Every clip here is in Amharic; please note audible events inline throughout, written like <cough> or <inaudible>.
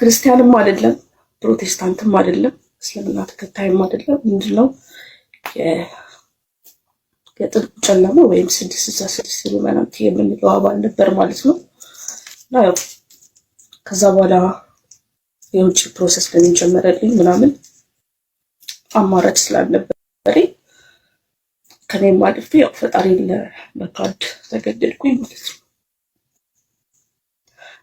ክርስቲያንም አይደለም፣ ፕሮቴስታንትም አይደለም፣ እስልምና ተከታይም አይደለም። ምንድነው የጥልቁ ጨለማ ወይም ስድስት ስልሳ ስድስት ምዕመናን የምንለው አባል ነበር ማለት ነው። እና ያው ከዛ በኋላ የውጭ ፕሮሰስ ለምን ጀመረልኝ ምናምን አማራጭ ስላልነበረ ከኔም አልፌ ያው ፈጣሪ ለመካድ ተገደድኩኝ ማለት ነው።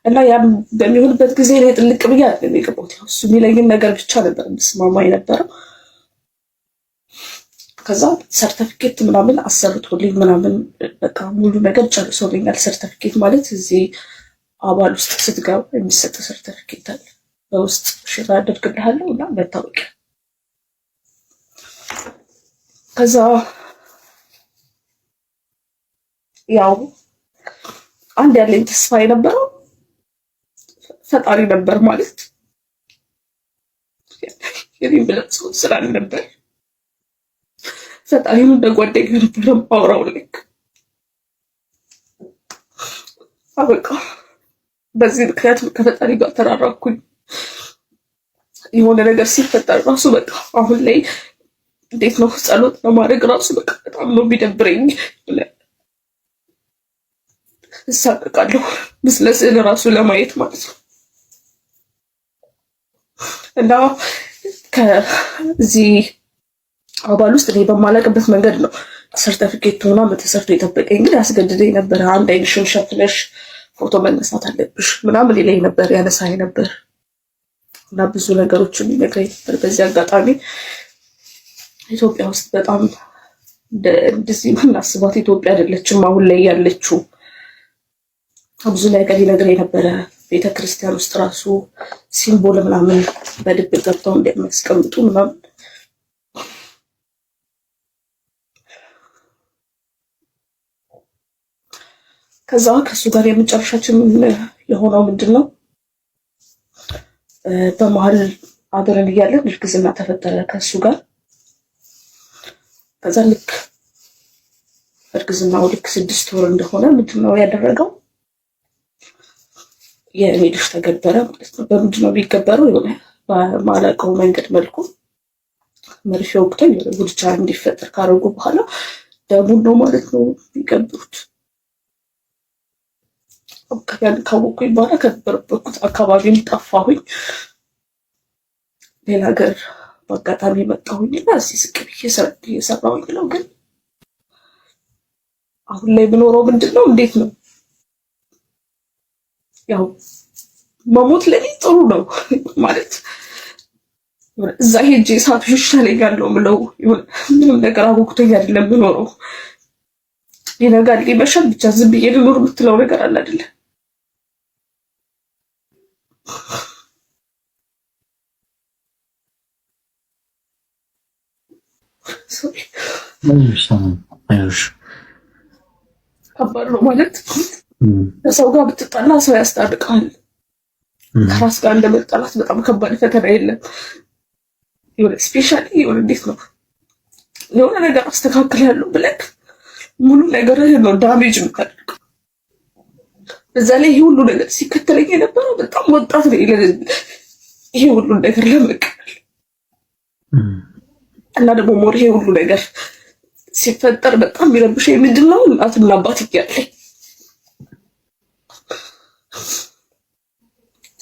እና ያ በሚሆንበት ጊዜ ላይ ጥልቅ ብዬ አይደለም የገባሁት። ያው እሱ የሚለይን ነገር ብቻ ነበር እንድስማማ የነበረው። ከዛ ሰርተፊኬት ምናምን አሰርቶልኝ ምናምን በቃ ሙሉ ነገር ጨርሶልኛል። ሰርተፊኬት ማለት እዚህ አባል ውስጥ ስትገባ የሚሰጥ ሰርተፊኬት አለ። በውስጥ ሽራ አደርግልሃለሁ እና መታወቂያ ከዛ ያው አንድ ያለኝ ተስፋ የነበረው ፈጣሪ ነበር ማለት የኔ ብለን ሰው ስላልነበር ፈጣሪም እንደ ጓደኛ ነበረ አውራው ልክ አበቃ። በዚህ ምክንያት ከፈጣሪ ጋር ተራራኩኝ። የሆነ ነገር ሲፈጠር ራሱ በቃ አሁን ላይ እንዴት ነው ጸሎት ለማድረግ ራሱ በቃ በጣም ነው የሚደብረኝ። እሳቀቃለሁ ምስለ ስዕል ራሱ ለማየት ማለት ነው። እና ከዚህ አባል ውስጥ እኔ በማላቅበት መንገድ ነው ሰርተፊኬቱ ምናምን ተሰርቶ የጠበቀኝ። እንግዲህ አስገድደኝ ነበረ። አንድ አይንሽን ሸፍነሽ ፎቶ መነሳት አለብሽ ምናምን ይለኝ ነበር፣ ያነሳኝ ነበር እና ብዙ ነገሮችን ይነግረኝ ነበር። በዚህ አጋጣሚ ኢትዮጵያ ውስጥ በጣም እንደዚህ የምናስባት ኢትዮጵያ አይደለችም አሁን ላይ ያለችው። ብዙ ነገር ይነግረኝ ነበረ። ቤተ ክርስቲያን ውስጥ ራሱ ሲምቦል ምናምን በድብ ገብተው እንደሚያስቀምጡ ምናምን ከዛ ከእሱ ጋር የመጨረሻችን የሆነው ምንድን ነው? በመሀል አብረን እያለን እርግዝና ተፈጠረ ከእሱ ጋር። ከዛ ልክ እርግዝናው ልክ ስድስት ወር እንደሆነ ምንድን ነው ያደረገው የሜዶች ተገበረ ማለት ነው። በምንድነው ቢገበረው የሆነ በማላውቀው መንገድ መልኩ መርፌ ወቅተው ጉድቻ እንዲፈጠር ካደረጉ በኋላ ደሙን ነው ማለት ነው የሚገብሩት። ያን ካወቅኩኝ በኋላ ከነበረበት አካባቢም ጠፋሁኝ። ሌላ ሀገር በአጋጣሚ መጣሁኝና እዚህ ስቅብ እየሰራሁኝ ነው። ግን አሁን ላይ የምኖረው ምንድን ነው እንዴት ነው ያው መሞት ለኔ ጥሩ ነው ማለት እዛ ሄጄ ሰዓቱ ይሻለኛል ምለው የምለው። ምንም ነገር አወኩተኝ አይደለም የምኖረው። ይነጋል ሊመሻል ብቻ ዝም ብዬ ልኖር የምትለው ነገር አለ አይደለ? ከባድ ነው ማለት ከሰው ጋር ብትጠላ ሰው ያስታርቃል። ከራስ ጋር እንደመጣላት በጣም ከባድ ፈተና የለም። የሆነ ስፔሻሊ የሆነ እንዴት ነው የሆነ ነገር አስተካክላለሁ ብለህ ሙሉ ነገርህን ነው ዳሜጅ የምታደርገው። በዛ ላይ ይህ ሁሉ ነገር ሲከተለኝ የነበረው በጣም ወጣት ነው። ይሄ ሁሉ ነገር ለመቀበል እና ደግሞ ሞር ይሄ ሁሉ ነገር ሲፈጠር በጣም የሚረብሸኝ ምንድን ነው እናትና አባት እያለኝ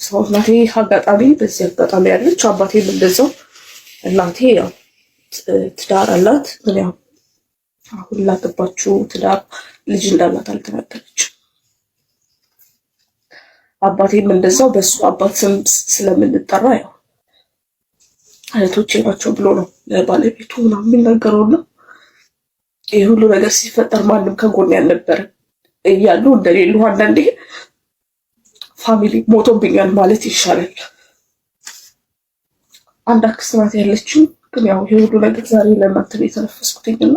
ሰው እናቴ አጋጣሚ በዚህ አጋጣሚ ያለች አባቴ እንደዛው። እናቴ ያው ትዳር አላት። ያው አሁን ላገባችው ትዳር ልጅ እንዳላት አልተናገረች። አባቴም እንደዛው በሱ አባት ስም ስለምንጠራ ያው እህቶቼ ናቸው ብሎ ነው ለባለቤቱ ምናምን የሚናገረውና ይህ ሁሉ ነገር ሲፈጠር ማንም ከጎን ያልነበረ እያሉ እንደሌሉ አንዳንዴ ፋሚሊ ሞቶብኛል ማለት ይሻላል። አንድ አክስት ናት ያለችው፣ ግን ያው የሁሉ ነገር ዛሬ ለእናንተ ነው የተነፈስኩትኝና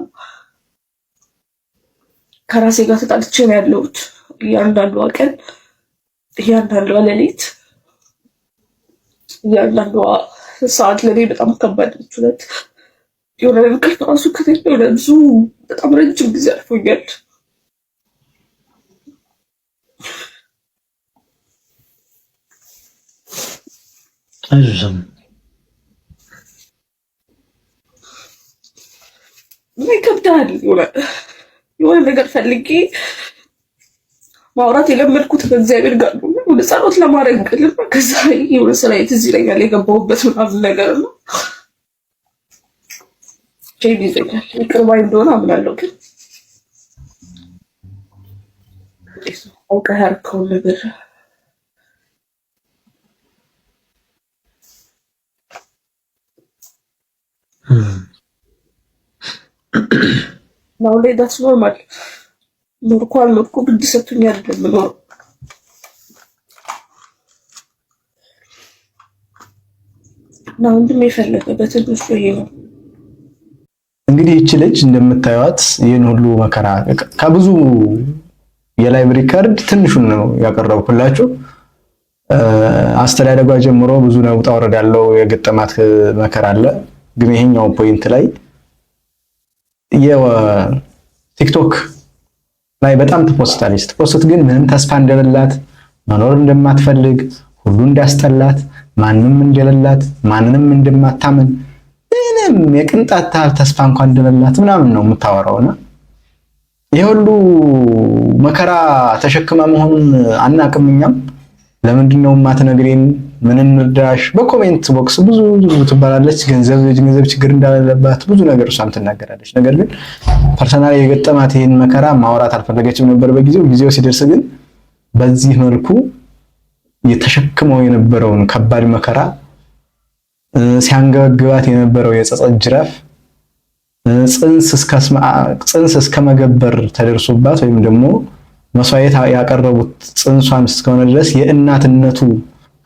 ከራሴ ጋር ተጣልቼ ነው ያለሁት። እያንዳንዷ ቀን፣ እያንዳንዷ ሌሊት፣ እያንዳንዷ ሰዓት ለኔ በጣም ከባድ ነች። እውነት የሆነ እንቅልፍ ራሱ ከቴ ብዙ በጣም ረጅም ጊዜ አልፎኛል። አይዞህ ይከብዳል። የሆነ ነገር ፈልጌ ማውራት የለመድኩት ከእግዚአብሔር ጋር ወደ ጸሎት ለማድረግ ቅልማ ከዛ የሆነ ስራ ትዝ ይለኛል የገባሁበት ምናምን ነገር ነው። ሼድ ይዘኛል ይቅርባይ እንደሆነ አምናለሁ። ግን አውቀህ ያርከውን ነገር ናው ላይ ዳስ ኖርማል ኖርኩ አልኖርኩ ግድ ሰጥቶኝ አይደለም የምኖረው። እና ወንድም የፈለገ በትንሹ ይሄ ነው እንግዲህ። ይቺ ልጅ እንደምታዩት ይህን ሁሉ መከራ ከብዙ የላይቭ ሪከርድ ትንሹን ነው ያቀረብኩላችሁ። አስተዳደጓ ጀምሮ ብዙ ነው ውጣ ወረድ ያለው የገጠማት መከራ አለ። ግን ይሄኛው ፖይንት ላይ የቲክቶክ ላይ በጣም ትፖስታለች። ስትፖስት ግን ምንም ተስፋ እንደሌላት መኖር እንደማትፈልግ ሁሉ እንዳስጠላት ማንም እንደሌላት ማንንም እንደማታምን ምንም የቅንጣት ታህል ተስፋ እንኳን እንደሌላት ምናምን ነው የምታወራውና ይህ ሁሉ መከራ ተሸክማ መሆኑን አናቅም እኛም። ለምንድን ነው ምን እርዳሽ በኮሜንት ቦክስ ብዙ ብዙ ትባላለች። ገንዘብ ገንዘብ ችግር እንዳለባት ብዙ ነገር እሷም ትናገራለች። ነገር ግን ፐርሰናል የገጠማት ይህን መከራ ማውራት አልፈለገችም ነበር በጊዜው። ጊዜው ሲደርስ ግን በዚህ መልኩ የተሸክመው የነበረውን ከባድ መከራ ሲያንገበግባት የነበረው የጸጸት ጅራፍ ጽንስ እስከ መገበር ተደርሶባት ወይም ደግሞ መስዋዕት ያቀረቡት ጽንሷም እስከሆነ ድረስ የእናትነቱ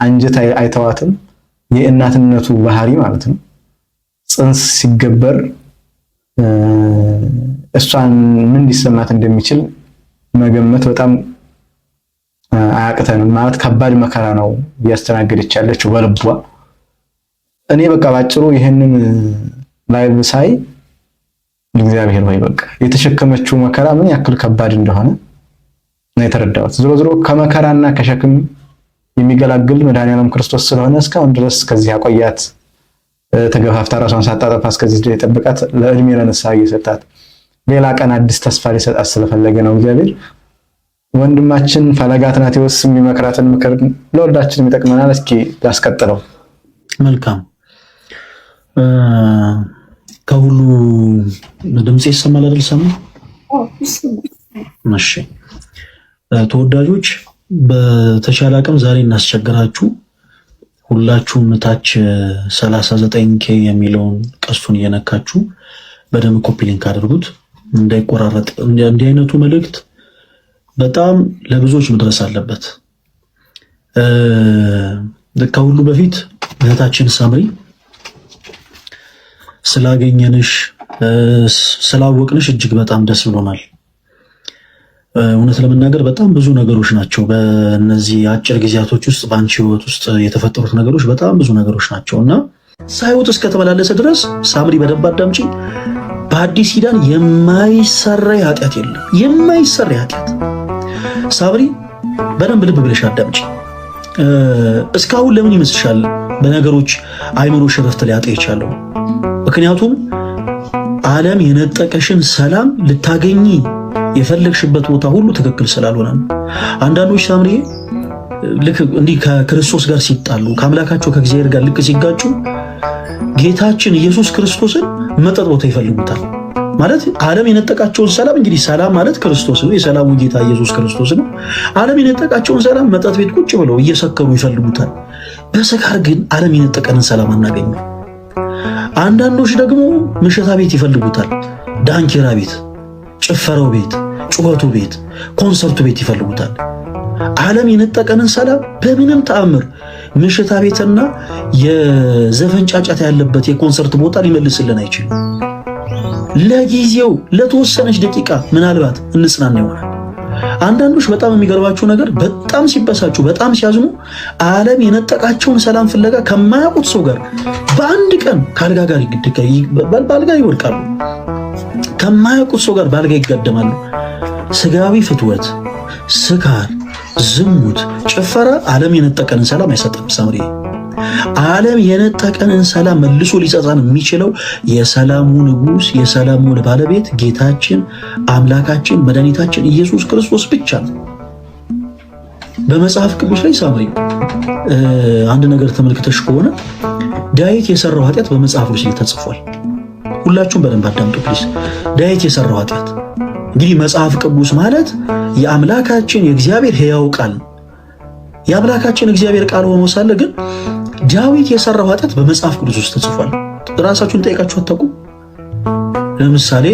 አንጀት አይተዋትም። የእናትነቱ ባህሪ ማለት ነው። ጽንስ ሲገበር እሷን ምን ሊሰማት እንደሚችል መገመት በጣም አያቅተንም። ማለት ከባድ መከራ ነው እያስተናገደች ያለችው በልቧ። እኔ በቃ ባጭሩ ይህንን ላይቭ ሳይ እግዚአብሔር ወይ በቃ የተሸከመችው መከራ ምን ያክል ከባድ እንደሆነ ነው የተረዳሁት። ዝሮ ዝሮ ከመከራና ከሸክም የሚገላግል መድኃኒዓለም ክርስቶስ ስለሆነ እስካሁን ድረስ ከዚህ አቆያት። ተገፋፍታ ራሷን ሳታጠፋ እስከዚህ የጠበቃት ለእድሜ ለንስሐ እየሰጣት ሌላ ቀን አዲስ ተስፋ ሊሰጣት ስለፈለገ ነው እግዚአብሔር። ወንድማችን ፈለገ አትናቴዎስ የሚመክራትን ምክር ለወዳችን ይጠቅመናል። እስኪ ላስቀጥለው። መልካም ከሁሉ ድምፅ ይሰማል አይደል? ሰማ ተወዳጆች በተሻለ አቅም ዛሬ እናስቸግራችሁ ሁላችሁም ታች 39 ኬ የሚለውን ቀሱን እየነካችሁ በደንብ ኮፒ ሊንክ አድርጉት እንዳይቆራረጥ። እንዲህ አይነቱ መልእክት በጣም ለብዙዎች መድረስ አለበት። ከሁሉ በፊት እህታችን ሳምሪ ስላገኘንሽ ስላወቅንሽ እጅግ በጣም ደስ ብሎናል። እውነት ለመናገር በጣም ብዙ ነገሮች ናቸው። በእነዚህ አጭር ጊዜያቶች ውስጥ በአንቺ ህይወት ውስጥ የተፈጠሩት ነገሮች በጣም ብዙ ነገሮች ናቸው እና ሳይወት እስከተመላለሰ ድረስ ሳምሪ በደንብ አዳምጪ። በአዲስ ኪዳን የማይሰራ ኃጢአት የለም። የማይሰራ ኃጢአት ሳምሪ በደንብ ልብ ብለሽ አዳምጪ። እስካሁን ለምን ይመስልሻል በነገሮች አይምሮ ረፍት ሊያጣ የቻለው? ምክንያቱም ዓለም የነጠቀሽን ሰላም ልታገኚ የፈለግሽበት ቦታ ሁሉ ትክክል ስላልሆነ ነው። አንዳንዶች ሳምሪ ልክ እንዲህ ከክርስቶስ ጋር ሲጣሉ ከአምላካቸው ከእግዚአብሔር ጋር ልክ ሲጋጩ ጌታችን ኢየሱስ ክርስቶስን መጠጥ ቦታ ይፈልጉታል። ማለት ዓለም የነጠቃቸውን ሰላም እንግዲህ ሰላም ማለት ክርስቶስ ነው። የሰላሙ ጌታ ኢየሱስ ክርስቶስ ነው። ዓለም የነጠቃቸውን ሰላም መጠጥ ቤት ቁጭ ብለው እየሰከሩ ይፈልጉታል። በስካር ግን ዓለም የነጠቀንን ሰላም አናገኘው። አንዳንዶች ደግሞ ምሸታ ቤት ይፈልጉታል፣ ዳንኪራ ቤት ጭፈራው ቤት፣ ጩኸቱ ቤት፣ ኮንሰርቱ ቤት ይፈልጉታል። ዓለም የነጠቀንን ሰላም በምንም ተአምር ምሽታ ቤትና የዘፈን ጫጫታ ያለበት የኮንሰርት ቦታ ሊመልስልን አይችልም። ለጊዜው ለተወሰነች ደቂቃ ምናልባት እንጽናና ይሆናል። አንዳንዶች በጣም የሚገርባችሁ ነገር በጣም ሲበሳጩ፣ በጣም ሲያዝኑ ዓለም የነጠቃቸውን ሰላም ፍለጋ ከማያውቁት ሰው ጋር በአንድ ቀን ከአልጋ ጋር በአልጋ ይወድቃሉ። ከማያውቁ ሰው ጋር ባልጋ ይጋደማሉ። ስጋዊ ፍትወት፣ ስካር፣ ዝሙት፣ ጭፈራ ዓለም የነጠቀንን ሰላም አይሰጠም። ሳምሪ ዓለም የነጠቀንን ሰላም መልሶ ሊጸጻን የሚችለው የሰላሙ ንጉሥ የሰላሙ ባለቤት ጌታችን አምላካችን መድኃኒታችን ኢየሱስ ክርስቶስ ብቻ ነው። በመጽሐፍ ቅዱስ ላይ ሳምሪ አንድ ነገር ተመልክተሽ ከሆነ ዳዊት የሰራው ኃጢአት በመጽሐፍ ቅዱስ ላይ ተጽፏል። ሁላችሁም በደንብ አዳምጡ ፕሊስ። ዳዊት የሰራው ኃጢአት እንግዲህ መጽሐፍ ቅዱስ ማለት የአምላካችን የእግዚአብሔር ሕያው ቃል የአምላካችን እግዚአብሔር ቃል ሆኖ ሳለ ግን ዳዊት የሰራው ኃጢአት በመጽሐፍ ቅዱስ ውስጥ ተጽፏል። ራሳችሁን ጠይቃችሁ አታውቁ? ለምሳሌ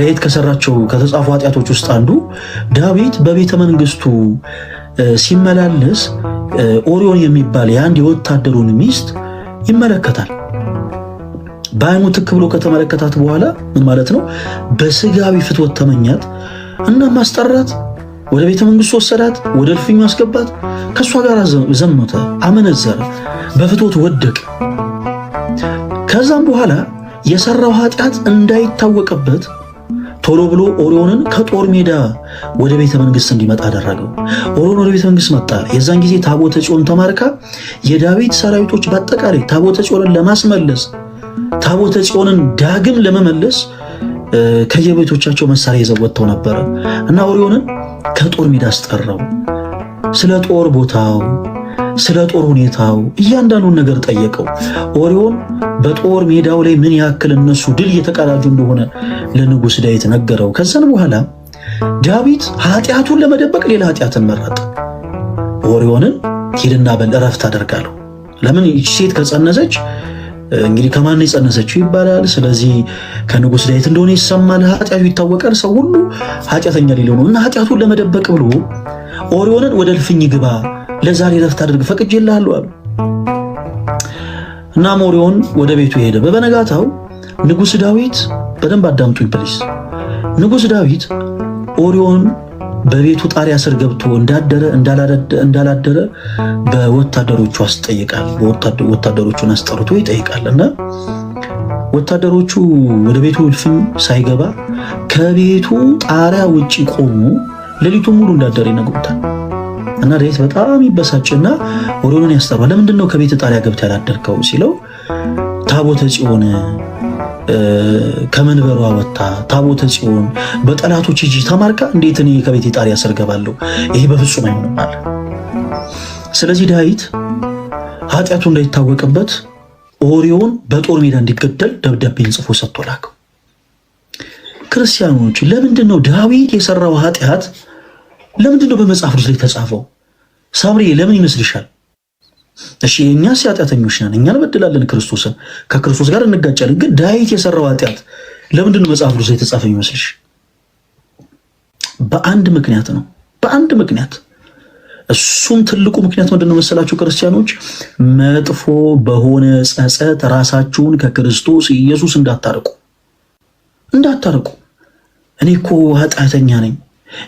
ዳዊት ከሰራቸው ከተጻፉ ኃጢአቶች ውስጥ አንዱ ዳዊት በቤተ መንግስቱ ሲመላለስ ኦሪዮን የሚባል የአንድ የወታደሩን ሚስት ይመለከታል። በአይኑ ትክ ብሎ ከተመለከታት በኋላ ምን ማለት ነው? በስጋዊ ፍትወት ተመኛት እና ማስጠራት፣ ወደ ቤተ መንግስት ወሰዳት፣ ወደ እልፍኙ አስገባት። ከእሷ ጋር ዘመተ፣ አመነዘረ፣ በፍትወት ወደቀ። ከዛም በኋላ የሰራው ኃጢአት እንዳይታወቅበት ቶሎ ብሎ ኦሪዮንን ከጦር ሜዳ ወደ ቤተ መንግስት እንዲመጣ አደረገው። ኦሪዮን ወደ ቤተ መንግስት መጣ። የዛን ጊዜ ታቦተ ጽዮን ተማርካ የዳዊት ሰራዊቶች በአጠቃላይ ታቦተ ጽዮንን ለማስመለስ ታቦተ ጽዮንን ዳግም ለመመለስ ከየቤቶቻቸው መሳሪያ ይዘው ወጥተው ነበረ እና ኦሪዮንን ከጦር ሜዳ አስጠራው። ስለ ጦር ቦታው፣ ስለ ጦር ሁኔታው እያንዳንዱን ነገር ጠየቀው። ኦሪዮን በጦር ሜዳው ላይ ምን ያክል እነሱ ድል እየተቀዳጁ እንደሆነ ለንጉሥ ዳዊት ነገረው። ከዛን በኋላ ዳዊት ኃጢአቱን ለመደበቅ ሌላ ኃጢአትን መረጠ። ኦሪዮንን ሂድና በል እረፍት አደርጋለሁ። ለምን ሴት ከጸነሰች እንግዲህ ከማን የጸነሰችው ይባላል። ስለዚህ ከንጉሥ ዳዊት እንደሆነ ይሰማል። ኃጢአቱ ይታወቃል። ሰው ሁሉ ኃጢአተኛ ሊለው ነው እና ኃጢአቱን ለመደበቅ ብሎ ኦሪዮንን ወደ እልፍኝ ግባ፣ ለዛሬ ረፍት አድርግ፣ ፈቅጄልሃለሁ አሉ። እናም ኦሪዮን ወደ ቤቱ ሄደ። በበነጋታው ንጉሥ ዳዊት በደንብ አዳምጡኝ ፕሊስ። ንጉሥ ዳዊት ኦሪዮን በቤቱ ጣሪያ ስር ገብቶ እንዳደረ እንዳላደረ በወታደሮቹ አስጠይቃል። ወታደሮቹን አስጠርቶ ይጠይቃል እና ወታደሮቹ ወደ ቤቱ እልፍኝ ሳይገባ ከቤቱ ጣሪያ ውጭ ቆሙ። ሌሊቱን ሙሉ እንዳደረ ይነግሩታል። እና ዳዊት በጣም ይበሳጭና ወሬውን ያስተባ ለምንድን ነው ከቤት ጣሪያ ገብተህ ያላደርከው ሲለው ታቦተ ጽዮን ከመንበሯ ወጥታ ታቦተ ጽዮን በጠላቶች እጅ ተማርካ እንዴት እኔ ከቤት ጣሪያ ያሰርገባለሁ? ይሄ በፍጹም አይሆንም አለ። ስለዚህ ዳዊት ኃጢአቱ እንዳይታወቅበት ኦሪዮን በጦር ሜዳ እንዲገደል ደብዳቤን ጽፎ ሰጥቶ ላከው። ክርስቲያኖች፣ ለምንድን ነው ዳዊት የሰራው ኃጢአት ለምንድን ነው በመጽሐፍ ቅዱስ ላይ ተጻፈው? ሳምሪ ለምን ይመስልሻል? እሺ እኛ ኃጢአተኞች ነን፣ እኛ እንበድላለን ክርስቶስን፣ ከክርስቶስ ጋር እንጋጫለን። ግን ዳዊት የሰራው ኃጢአት ለምንድን ነው መጽሐፍ ቅዱስ የተጻፈ ይመስልሽ? በአንድ ምክንያት ነው። በአንድ ምክንያት እሱም ትልቁ ምክንያት ምንድን መሰላችሁ? ክርስቲያኖች መጥፎ በሆነ ጸጸት ራሳችሁን ከክርስቶስ ኢየሱስ እንዳታርቁ እንዳታርቁ። እኔ እኮ ኃጢአተኛ ነኝ፣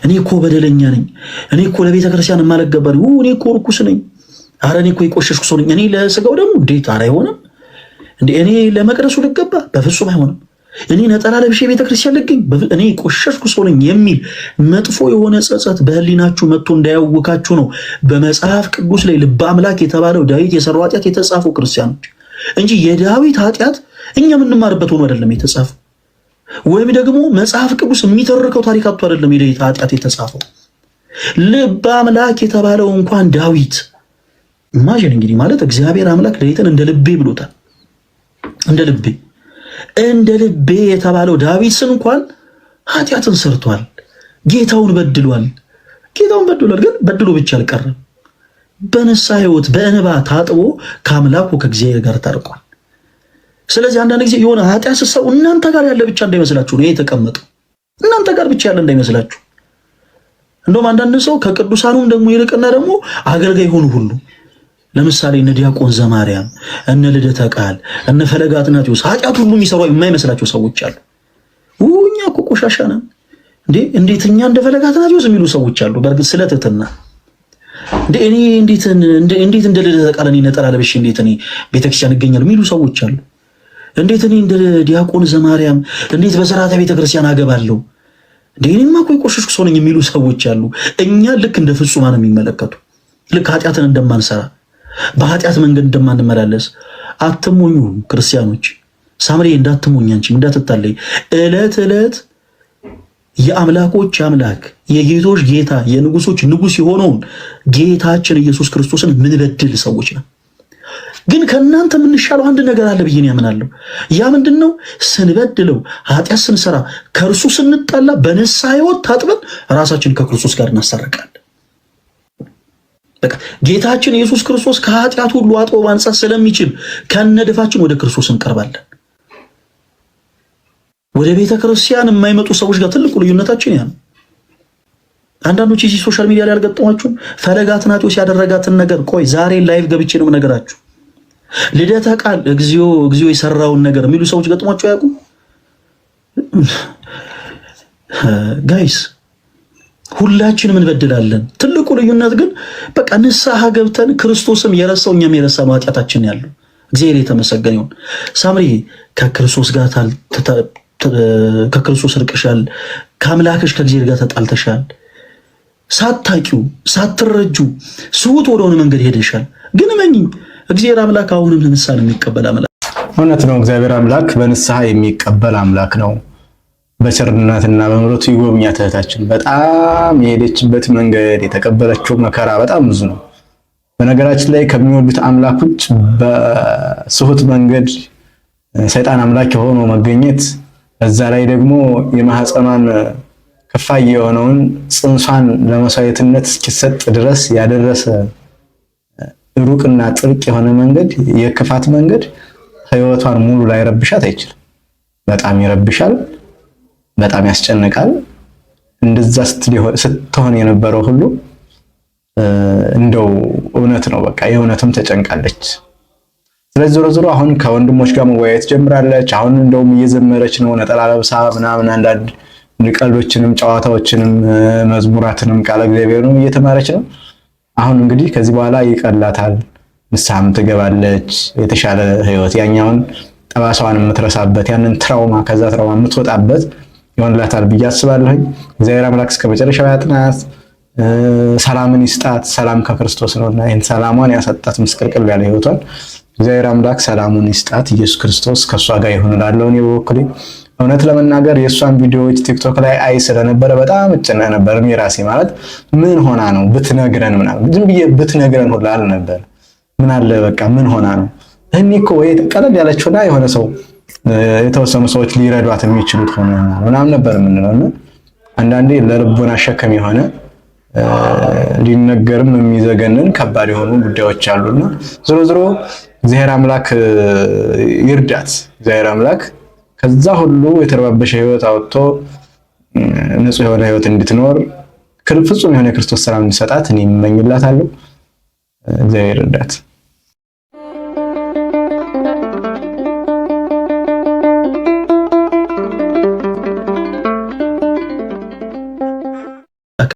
እኔ እኮ በደለኛ ነኝ፣ እኔ እኮ ለቤተ ክርስቲያን የማልገባ ነኝ፣ እኔ እኮ ርኩስ ነኝ አረ እኔ እኮ የቆሸሽኩ ሰው ነኝ። እኔ ለስጋው ደግሞ እንዴት አረ አይሆንም እንዴ! እኔ ለመቅደሱ ልገባ በፍጹም አይሆንም። እኔ ነጠላ ለብሼ ቤተክርስቲያን ልገኝ እኔ የቆሸሽኩ ሰው ነኝ የሚል መጥፎ የሆነ ጸጸት በህሊናችሁ መጥቶ እንዳያውካችሁ ነው በመጽሐፍ ቅዱስ ላይ ልበ አምላክ የተባለው ዳዊት የሰራው ኃጢአት የተጻፈው ክርስቲያኖች እንጂ የዳዊት ኃጢአት እኛ የምንማርበት ሆኖ አይደለም የተጻፈው ወይም ደግሞ መጽሐፍ ቅዱስ የሚተርከው ታሪካቱ አይደለም የዳዊት ኃጢአት የተጻፈው ልበ አምላክ የተባለው እንኳን ዳዊት ኢማጂን እንግዲህ ማለት እግዚአብሔር አምላክ ዳዊትን እንደ ልቤ ብሎታል። እንደ ልቤ እንደ ልቤ የተባለው ዳዊትን እንኳን ኃጢአትን ሰርቷል፣ ጌታውን በድሏል። ጌታውን በድሏል፣ ግን በድሎ ብቻ አልቀረም። በነሳ ህይወት በእንባ ታጥቦ ከአምላኩ ከእግዚአብሔር ጋር ታርቋል። ስለዚህ አንዳንድ ጊዜ የሆነ ኃጢአት ሰው እናንተ ጋር ያለ ብቻ እንዳይመስላችሁ ነው የተቀመጠው። እናንተ ጋር ብቻ ያለ እንዳይመስላችሁ። እንደውም አንዳንድ ሰው ከቅዱሳኑም ደግሞ ይልቅና ደግሞ አገልጋይ ሆኑ ሁሉ ለምሳሌ እነ ዲያቆን ዘማርያም፣ እነ ልደተ ቃል፣ እነ ፈለገ አጥናቴዎስ ኃጢአት ሁሉ የሚሰሩ የማይመስላቸው ሰዎች አሉ። እኛ እኮ ቆሻሻ ነን እንዴ! እንዴት እኛ እንደ ፈለገ አጥናቴዎስ የሚሉ ሰዎች አሉ። በእርግጥ ስለትትና እንዴ እኔ እንዴት እንዴት እንደ ልደተ ቃል እኔ ነጠላ ለብሼ እንዴት እኔ ቤተክርስቲያን እገኛለሁ የሚሉ ሰዎች አሉ። እንዴት እኔ እንደ ዲያቆን ዘማርያም እንዴት በስርዓተ ቤተክርስቲያን አገባለሁ እንዴ እኔማ እኮ የቆሸሽኩ ሰው ነኝ የሚሉ ሰዎች አሉ። እኛ ልክ እንደ ፍጹማን የሚመለከቱ ልክ ኃጢአትን እንደማንሰራ በኃጢአት መንገድ እንደማንመላለስ አትሞኙ ክርስቲያኖች። ሳምሬ እንዳትሞኝ፣ አንቺ እንዳትታለይ። ዕለት ዕለት የአምላኮች አምላክ የጌቶች ጌታ የንጉሶች ንጉስ የሆነውን ጌታችን ኢየሱስ ክርስቶስን ምንበድል ሰዎች ነው። ግን ከእናንተ የምንሻለው አንድ ነገር አለ ብዬ ያምናለሁ። ያ ምንድን ነው? ስንበድለው፣ ኃጢአት ስንሰራ፣ ከእርሱ ስንጣላ፣ በንስሐ ሕይወት ታጥበን ራሳችን ከክርስቶስ ጋር እናሳርቃል። በቃ ጌታችን ኢየሱስ ክርስቶስ ከኃጢአት ሁሉ አጥቦ ማንጻት ስለሚችል ከነድፋችን ወደ ክርስቶስ እንቀርባለን። ወደ ቤተ ክርስቲያን የማይመጡ ሰዎች ጋር ትልቁ ልዩነታችን ያ ነው። አንዳንዶች እዚህ ሶሻል ሚዲያ ላይ አልገጠማችሁም ፈለገ አትናትዮስ ያደረጋትን ነገር ቆይ ዛሬ ላይቭ ገብቼ ነው ነገራችሁ። ልደተ ቃል እግዚኦ እግዚኦ የሰራውን ነገር የሚሉ ሰዎች ገጥሟቸው አያውቁም <laughs> ጋይስ ሁላችንም እንበድላለን። ትልቁ ልዩነት ግን በቃ ንስሐ ገብተን ክርስቶስም የረሳው እኛም የረሳ ማጥያታችን ያለው እግዚአብሔር የተመሰገነ ይሁን። ሳምሪ ከክርስቶስ ጋር ታል ከክርስቶስ ርቅሻል፣ ከአምላክሽ ከእግዚአብሔር ጋር ተጣልተሻል። ሳታቂው ሳትረጁ ስውት ወደሆነ መንገድ ሄደሻል። ግን መኝ እግዚአብሔር አምላክ አሁንም ንስሐን የሚቀበል አምላክ እውነት ነው። እግዚአብሔር አምላክ በንስሐ የሚቀበል አምላክ ነው። በቸርነትና በምሕረቱ ይጎብኛት እህታችን። በጣም የሄደችበት መንገድ የተቀበለችው መከራ በጣም ብዙ ነው። በነገራችን ላይ ከሚወዱት አምላክ ውጭ በስሁት መንገድ ሰይጣን አምላክ የሆኖ መገኘት፣ በዛ ላይ ደግሞ የማህፀኗን ክፋይ የሆነውን ጽንሷን ለመስዋዕትነት እስኪሰጥ ድረስ ያደረሰ ሩቅና ጥልቅ የሆነ መንገድ፣ የክፋት መንገድ ህይወቷን ሙሉ ላይ ረብሻት አይችልም። በጣም ይረብሻል። በጣም ያስጨንቃል። እንደዛ ስትሆን የነበረው ሁሉ እንደው እውነት ነው። በቃ የእውነትም ተጨንቃለች። ስለዚህ ዞሮ ዞሮ አሁን ከወንድሞች ጋር መወያየት ጀምራለች። አሁን እንደውም እየዘመረች ነው፣ ነጠላ ለብሳ ምናምን አንዳንድ ቀልዶችንም ጨዋታዎችንም መዝሙራትንም ቃለ እግዚአብሔርንም እየተማረች ነው። አሁን እንግዲህ ከዚህ በኋላ ይቀላታል፣ ንስሐም ትገባለች። የተሻለ ህይወት ያኛውን ጠባሳዋን የምትረሳበት ያንን ትራውማ ከዛ ትራውማ የምትወጣበት ይሆንላታል ብዬ አስባለሁኝ። እግዚአብሔር አምላክ እስከ መጨረሻው ያጥናት፣ ሰላምን ይስጣት። ሰላም ከክርስቶስ ነውና ይህን ሰላሟን ያሰጣት ምስቅልቅል ያለ ህይወቷን እግዚአብሔር አምላክ ሰላሙን ይስጣት። ኢየሱስ ክርስቶስ ከእሷ ጋር ይሁን እላለሁ እኔ በበኩሌ እውነት ለመናገር የእሷን ቪዲዮዎች ቲክቶክ ላይ አይ ስለነበረ በጣም እጭነህ ነበር። የራሴ ማለት ምን ሆና ነው ብትነግረን ምናምን ዝም ብዬ ብትነግረን ሁላ አልነበር ምን አለ በቃ ምን ሆና ነው እኔ እኮ ወይ ቀለል ያለችውና የሆነ ሰው የተወሰኑ ሰዎች ሊረዷት የሚችሉት ሆነ ምናምን ነበር የምንለው እና አንዳንዴ ለልቦና አሸከም የሆነ ሊነገርም የሚዘገንን ከባድ የሆኑ ጉዳዮች አሉና ዝሮ ዝሮ እግዚአብሔር አምላክ ይርዳት። እግዚአብሔር አምላክ ከዛ ሁሉ የተረባበሸ ህይወት አውጥቶ ንጹሕ የሆነ ህይወት እንድትኖር ፍጹም የሆነ የክርስቶስ ሰላም እንዲሰጣት እኔ እመኝላታለሁ። እግዚአብሔር ይርዳት።